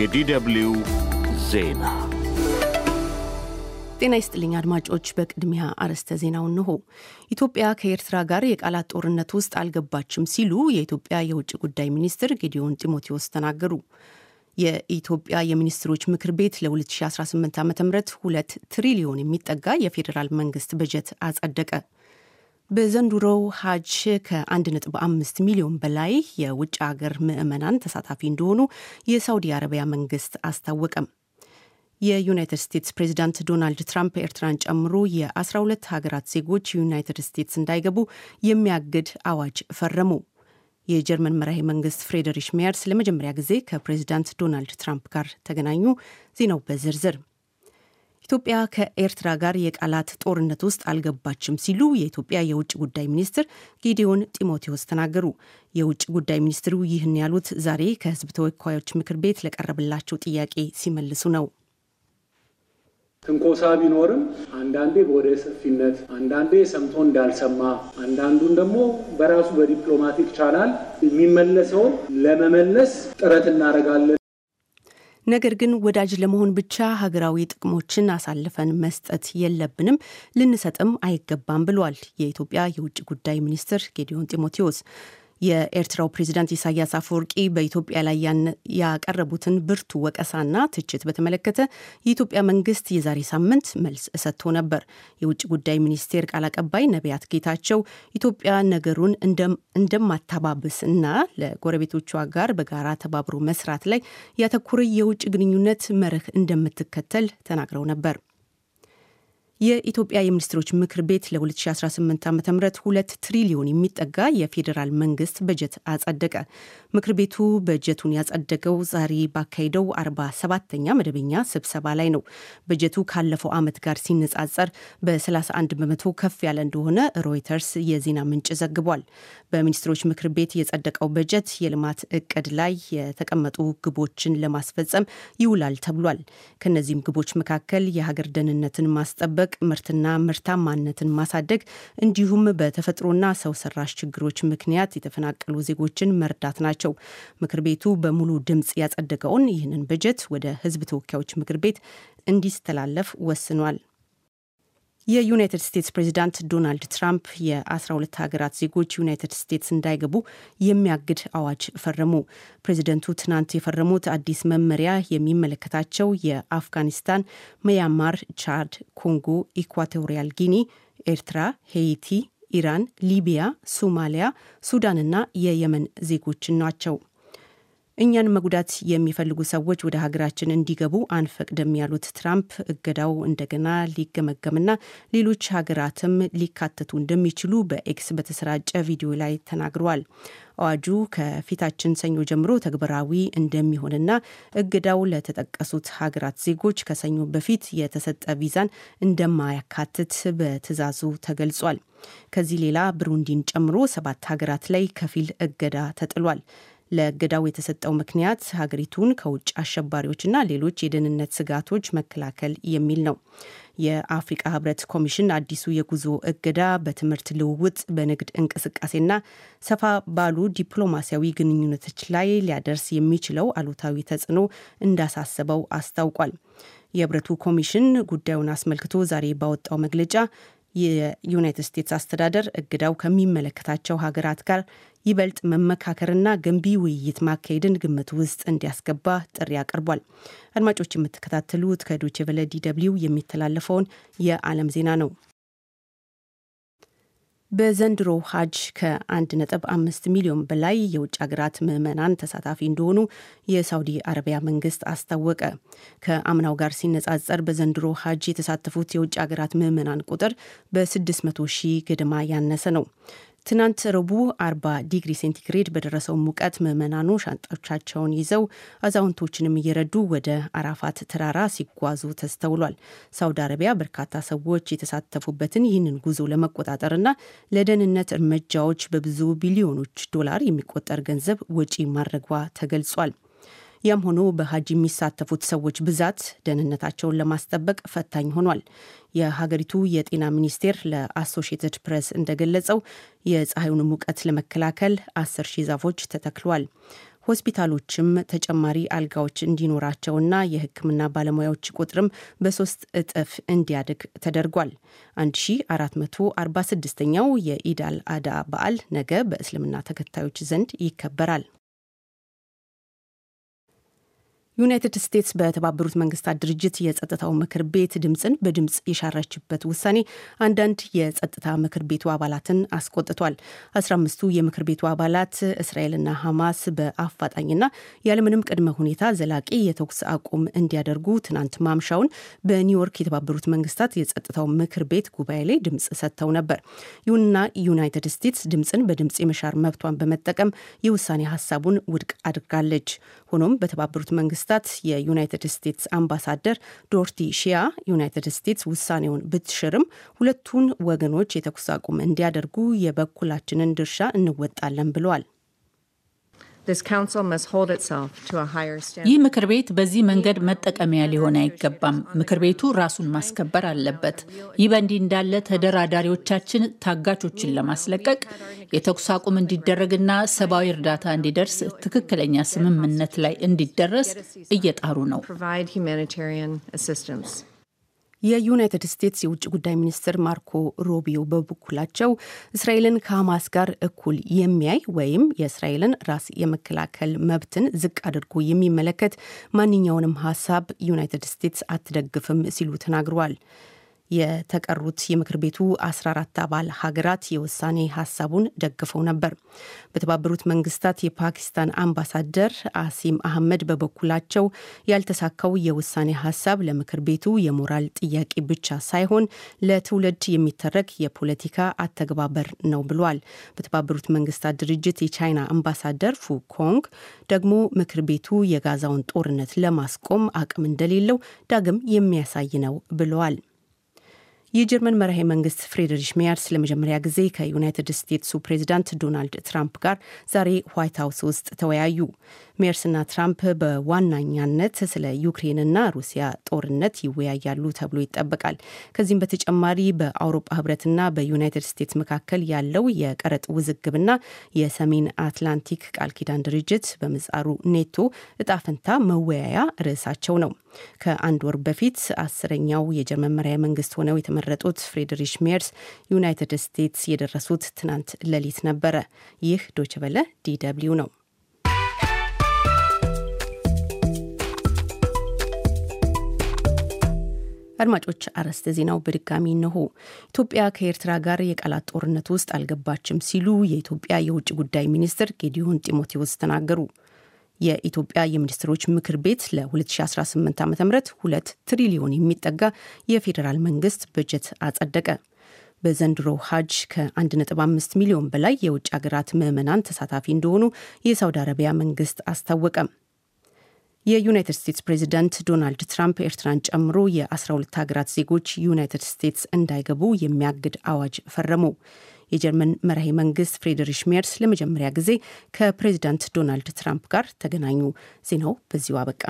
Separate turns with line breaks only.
የዲደብሊው ዜና ጤና ይስጥልኝ አድማጮች። በቅድሚያ አርዕስተ ዜናው እንሆ። ኢትዮጵያ ከኤርትራ ጋር የቃላት ጦርነት ውስጥ አልገባችም ሲሉ የኢትዮጵያ የውጭ ጉዳይ ሚኒስትር ጌዲዮን ጢሞቴዎስ ተናገሩ። የኢትዮጵያ የሚኒስትሮች ምክር ቤት ለ2018 ዓ ም ሁለት ትሪሊዮን የሚጠጋ የፌዴራል መንግስት በጀት አጸደቀ። በዘንድሮው ሀጅ ከ1.5 ሚሊዮን በላይ የውጭ አገር ምዕመናን ተሳታፊ እንደሆኑ የሳውዲ አረቢያ መንግስት አስታወቀም። የዩናይትድ ስቴትስ ፕሬዚዳንት ዶናልድ ትራምፕ ኤርትራን ጨምሮ የ12 ሀገራት ዜጎች ዩናይትድ ስቴትስ እንዳይገቡ የሚያግድ አዋጅ ፈረሙ። የጀርመን መራሄ መንግስት ፍሬደሪሽ ሜየርስ ለመጀመሪያ ጊዜ ከፕሬዚዳንት ዶናልድ ትራምፕ ጋር ተገናኙ። ዜናው በዝርዝር ኢትዮጵያ ከኤርትራ ጋር የቃላት ጦርነት ውስጥ አልገባችም ሲሉ የኢትዮጵያ የውጭ ጉዳይ ሚኒስትር ጌዲዮን ጢሞቴዎስ ተናገሩ። የውጭ ጉዳይ ሚኒስትሩ ይህን ያሉት ዛሬ ከሕዝብ ተወካዮች ምክር ቤት ለቀረበላቸው ጥያቄ ሲመልሱ ነው። ትንኮሳ ቢኖርም አንዳንዴ በወደ ሰፊነት፣ አንዳንዴ ሰምቶ እንዳልሰማ፣ አንዳንዱን ደግሞ በራሱ በዲፕሎማቲክ ቻናል የሚመለሰውን ለመመለስ ጥረት እናደርጋለን። ነገር ግን ወዳጅ ለመሆን ብቻ ሀገራዊ ጥቅሞችን አሳልፈን መስጠት የለብንም፣ ልንሰጥም አይገባም ብሏል የኢትዮጵያ የውጭ ጉዳይ ሚኒስትር ጌዲዮን ጢሞቴዎስ። የኤርትራው ፕሬዚዳንት ኢሳያስ አፈወርቂ በኢትዮጵያ ላይ ያቀረቡትን ብርቱ ወቀሳና ትችት በተመለከተ የኢትዮጵያ መንግስት የዛሬ ሳምንት መልስ ሰጥቶ ነበር። የውጭ ጉዳይ ሚኒስቴር ቃል አቀባይ ነቢያት ጌታቸው ኢትዮጵያ ነገሩን እንደማታባብስ እና ለጎረቤቶቿ ጋር በጋራ ተባብሮ መስራት ላይ ያተኩረ የውጭ ግንኙነት መርህ እንደምትከተል ተናግረው ነበር። የኢትዮጵያ የሚኒስትሮች ምክር ቤት ለ2018 ዓ ም ሁለት ትሪሊዮን የሚጠጋ የፌዴራል መንግስት በጀት አጸደቀ። ምክር ቤቱ በጀቱን ያጸደቀው ዛሬ ባካሄደው 47ተኛ መደበኛ ስብሰባ ላይ ነው። በጀቱ ካለፈው ዓመት ጋር ሲነጻጸር በ31 በመቶ ከፍ ያለ እንደሆነ ሮይተርስ የዜና ምንጭ ዘግቧል። በሚኒስትሮች ምክር ቤት የጸደቀው በጀት የልማት እቅድ ላይ የተቀመጡ ግቦችን ለማስፈጸም ይውላል ተብሏል። ከእነዚህም ግቦች መካከል የሀገር ደህንነትን ማስጠበቅ መጠበቅ፣ ምርትና ምርታማነትን ማሳደግ እንዲሁም በተፈጥሮና ሰው ሰራሽ ችግሮች ምክንያት የተፈናቀሉ ዜጎችን መርዳት ናቸው። ምክር ቤቱ በሙሉ ድምፅ ያጸደቀውን ይህንን በጀት ወደ ሕዝብ ተወካዮች ምክር ቤት እንዲስተላለፍ ወስኗል። የዩናይትድ ስቴትስ ፕሬዚዳንት ዶናልድ ትራምፕ የ12 ሀገራት ዜጎች ዩናይትድ ስቴትስ እንዳይገቡ የሚያግድ አዋጅ ፈረሙ። ፕሬዚደንቱ ትናንት የፈረሙት አዲስ መመሪያ የሚመለከታቸው የአፍጋኒስታን፣ መያማር፣ ቻድ፣ ኮንጎ፣ ኢኳቶሪያል ጊኒ፣ ኤርትራ፣ ሄይቲ፣ ኢራን፣ ሊቢያ፣ ሶማሊያ፣ ሱዳንና የየመን ዜጎችን ናቸው። እኛን መጉዳት የሚፈልጉ ሰዎች ወደ ሀገራችን እንዲገቡ አንፈቅድም ያሉት ትራምፕ እገዳው እንደገና ሊገመገምና ሌሎች ሀገራትም ሊካተቱ እንደሚችሉ በኤክስ በተሰራጨ ቪዲዮ ላይ ተናግረዋል። አዋጁ ከፊታችን ሰኞ ጀምሮ ተግባራዊ እንደሚሆንና እገዳው ለተጠቀሱት ሀገራት ዜጎች ከሰኞ በፊት የተሰጠ ቪዛን እንደማያካትት በትዕዛዙ ተገልጿል። ከዚህ ሌላ ብሩንዲን ጨምሮ ሰባት ሀገራት ላይ ከፊል እገዳ ተጥሏል። ለእገዳው የተሰጠው ምክንያት ሀገሪቱን ከውጭ አሸባሪዎችና ሌሎች የደህንነት ስጋቶች መከላከል የሚል ነው። የአፍሪቃ ህብረት ኮሚሽን አዲሱ የጉዞ እገዳ በትምህርት ልውውጥ፣ በንግድ እንቅስቃሴና ሰፋ ባሉ ዲፕሎማሲያዊ ግንኙነቶች ላይ ሊያደርስ የሚችለው አሉታዊ ተጽዕኖ እንዳሳሰበው አስታውቋል። የህብረቱ ኮሚሽን ጉዳዩን አስመልክቶ ዛሬ ባወጣው መግለጫ የዩናይትድ ስቴትስ አስተዳደር እገዳው ከሚመለከታቸው ሀገራት ጋር ይበልጥ መመካከርና ገንቢ ውይይት ማካሄድን ግምት ውስጥ እንዲያስገባ ጥሪ አቅርቧል። አድማጮች የምትከታተሉት ከዶቼ ቬለ የሚተላለፈውን የዓለም ዜና ነው። በዘንድሮ ሀጅ ከ1.5 ሚሊዮን በላይ የውጭ ሀገራት ምዕመናን ተሳታፊ እንደሆኑ የሳውዲ አረቢያ መንግስት አስታወቀ። ከአምናው ጋር ሲነጻጸር በዘንድሮ ሀጅ የተሳተፉት የውጭ ሀገራት ምዕመናን ቁጥር በ600 ሺህ ገደማ ያነሰ ነው። ትናንት ረቡዕ 40 ዲግሪ ሴንቲግሬድ በደረሰው ሙቀት ምዕመናኑ ሻንጣዎቻቸውን ይዘው አዛውንቶችንም እየረዱ ወደ አራፋት ተራራ ሲጓዙ ተስተውሏል። ሳውዲ አረቢያ በርካታ ሰዎች የተሳተፉበትን ይህንን ጉዞ ለመቆጣጠርና ለደህንነት እርምጃዎች በብዙ ቢሊዮኖች ዶላር የሚቆጠር ገንዘብ ወጪ ማድረጓ ተገልጿል። ያም ሆኖ በሀጅ የሚሳተፉት ሰዎች ብዛት ደህንነታቸውን ለማስጠበቅ ፈታኝ ሆኗል። የሀገሪቱ የጤና ሚኒስቴር ለአሶሽትድ ፕሬስ እንደገለጸው የፀሐዩን ሙቀት ለመከላከል አስር ሺህ ዛፎች ተተክሏል። ሆስፒታሎችም ተጨማሪ አልጋዎች እንዲኖራቸውና የህክምና ባለሙያዎች ቁጥርም በሶስት እጥፍ እንዲያድግ ተደርጓል። 1446ኛው የኢዳል አዳ በዓል ነገ በእስልምና ተከታዮች ዘንድ ይከበራል። ዩናይትድ ስቴትስ በተባበሩት መንግስታት ድርጅት የጸጥታው ምክር ቤት ድምፅን በድምፅ የሻረችበት ውሳኔ አንዳንድ የጸጥታ ምክር ቤቱ አባላትን አስቆጥቷል። አስራ አምስቱ የምክር ቤቱ አባላት እስራኤልና ሐማስ በአፋጣኝና ያለምንም ቅድመ ሁኔታ ዘላቂ የተኩስ አቁም እንዲያደርጉ ትናንት ማምሻውን በኒውዮርክ የተባበሩት መንግስታት የጸጥታው ምክር ቤት ጉባኤ ላይ ድምፅ ሰጥተው ነበር። ይሁንና ዩናይትድ ስቴትስ ድምፅን በድምፅ የመሻር መብቷን በመጠቀም የውሳኔ ሀሳቡን ውድቅ አድርጋለች። ሆኖም በተባበሩት መንግስታት የዩናይትድ ስቴትስ አምባሳደር ዶርቲ ሺያ ዩናይትድ ስቴትስ ውሳኔውን ብትሽርም ሁለቱን ወገኖች የተኩስ አቁም እንዲያደርጉ የበኩላችንን ድርሻ እንወጣለን ብለዋል። ይህ ምክር ቤት በዚህ መንገድ መጠቀሚያ ሊሆን አይገባም። ምክር ቤቱ ራሱን ማስከበር አለበት። ይህ በእንዲህ እንዳለ ተደራዳሪዎቻችን ታጋቾችን ለማስለቀቅ የተኩስ አቁም እንዲደረግና ሰብአዊ እርዳታ እንዲደርስ ትክክለኛ ስምምነት ላይ እንዲደረስ እየጣሩ ነው። የዩናይትድ ስቴትስ የውጭ ጉዳይ ሚኒስትር ማርኮ ሮቢዮ በበኩላቸው እስራኤልን ከሐማስ ጋር እኩል የሚያይ ወይም የእስራኤልን ራስ የመከላከል መብትን ዝቅ አድርጎ የሚመለከት ማንኛውንም ሀሳብ ዩናይትድ ስቴትስ አትደግፍም ሲሉ ተናግረዋል። የተቀሩት የምክር ቤቱ 14 አባል ሀገራት የውሳኔ ሀሳቡን ደግፈው ነበር። በተባበሩት መንግስታት የፓኪስታን አምባሳደር አሲም አህመድ በበኩላቸው ያልተሳካው የውሳኔ ሀሳብ ለምክር ቤቱ የሞራል ጥያቄ ብቻ ሳይሆን ለትውልድ የሚተረክ የፖለቲካ አተግባበር ነው ብሏል። በተባበሩት መንግስታት ድርጅት የቻይና አምባሳደር ፉ ኮንግ ደግሞ ምክር ቤቱ የጋዛውን ጦርነት ለማስቆም አቅም እንደሌለው ዳግም የሚያሳይ ነው ብለዋል። የጀርመን መራሄ መንግስት ፍሬድሪሽ ሜያርስ ለመጀመሪያ ጊዜ ከዩናይትድ ስቴትሱ ፕሬዚዳንት ዶናልድ ትራምፕ ጋር ዛሬ ዋይት ሀውስ ውስጥ ተወያዩ። ሜርስና ትራምፕ በዋናኛነት ስለ ዩክሬንና ሩሲያ ጦርነት ይወያያሉ ተብሎ ይጠበቃል። ከዚህም በተጨማሪ በአውሮፓ ህብረትና በዩናይትድ ስቴትስ መካከል ያለው የቀረጥ ውዝግብና የሰሜን አትላንቲክ ቃል ኪዳን ድርጅት በምጻሩ ኔቶ እጣፈንታ መወያያ ርዕሳቸው ነው። ከአንድ ወር በፊት አስረኛው የጀርመን መራሄ መንግስት ሆነው የተመረጡት ፍሬድሪሽ ሜርስ ዩናይትድ ስቴትስ የደረሱት ትናንት ሌሊት ነበረ። ይህ ዶችበለ ዲደብሊው ነው። አድማጮች አርዕስተ ዜናው በድጋሚ እነሆ። ኢትዮጵያ ከኤርትራ ጋር የቃላት ጦርነት ውስጥ አልገባችም ሲሉ የኢትዮጵያ የውጭ ጉዳይ ሚኒስትር ጌዲዮን ጢሞቴዎስ ተናገሩ። የኢትዮጵያ የሚኒስትሮች ምክር ቤት ለ2018 ዓ ም 2 ትሪሊዮን የሚጠጋ የፌዴራል መንግስት በጀት አጸደቀ። በዘንድሮ ሀጅ ከ1.5 ሚሊዮን በላይ የውጭ ሀገራት ምዕመናን ተሳታፊ እንደሆኑ የሳውዲ አረቢያ መንግስት አስታወቀም። የዩናይትድ ስቴትስ ፕሬዚዳንት ዶናልድ ትራምፕ ኤርትራን ጨምሮ የ12 ሀገራት ዜጎች ዩናይትድ ስቴትስ እንዳይገቡ የሚያግድ አዋጅ ፈረሙ። የጀርመን መራሄ መንግስት ፍሬድሪሽ ሜርስ ለመጀመሪያ ጊዜ ከፕሬዚዳንት ዶናልድ ትራምፕ ጋር ተገናኙ። ዜናው በዚሁ አበቃ።